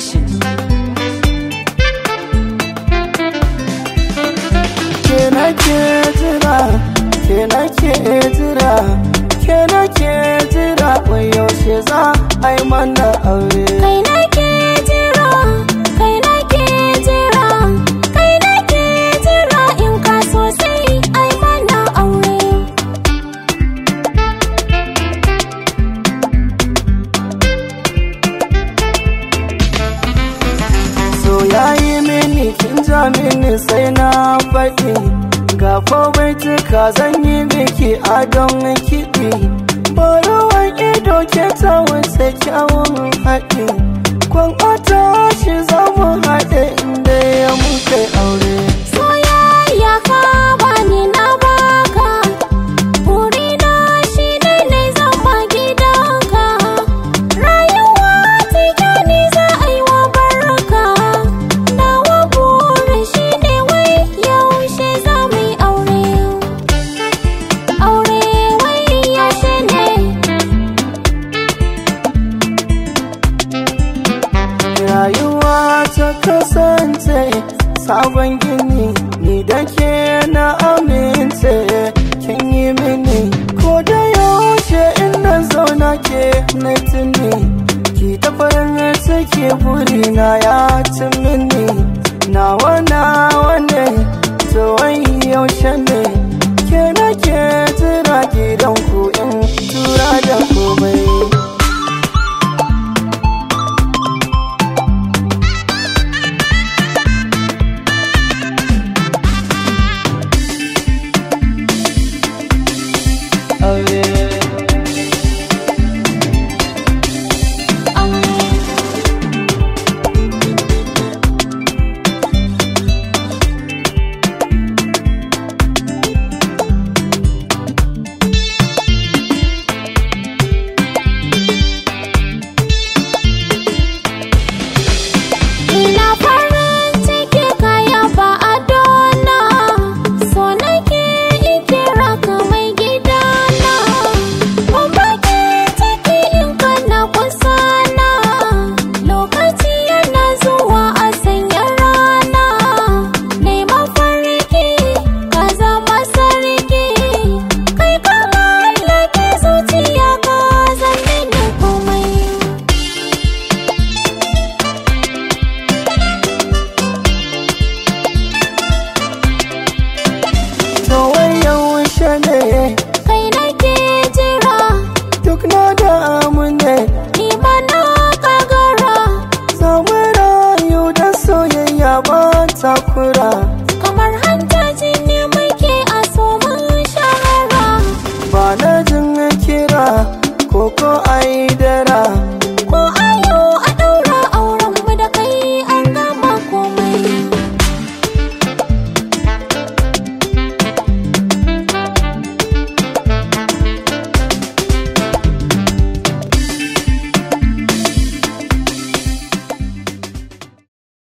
Production. Ke nake jira, ke nake ke nake jira, wai yaushe za a yi mana aure. kin jami'in sai na faɗi ga baitika zan yi biki a don kiɗi ido ke ta wuce kyawun haɗi sabon gini ni da ke na amince kin yi mini ko da yaushe ina zauna ke na tuni ki ta farin take burina ya ci mini nawa nawa ne tsawon yaushe ne ke na ke jira gidan ne kai nake jira duk na damu ne ni ma na kagara samu rayu da soyayya ba takura kamar hanta jini muke a soman shahara ba na jin kira koko aidara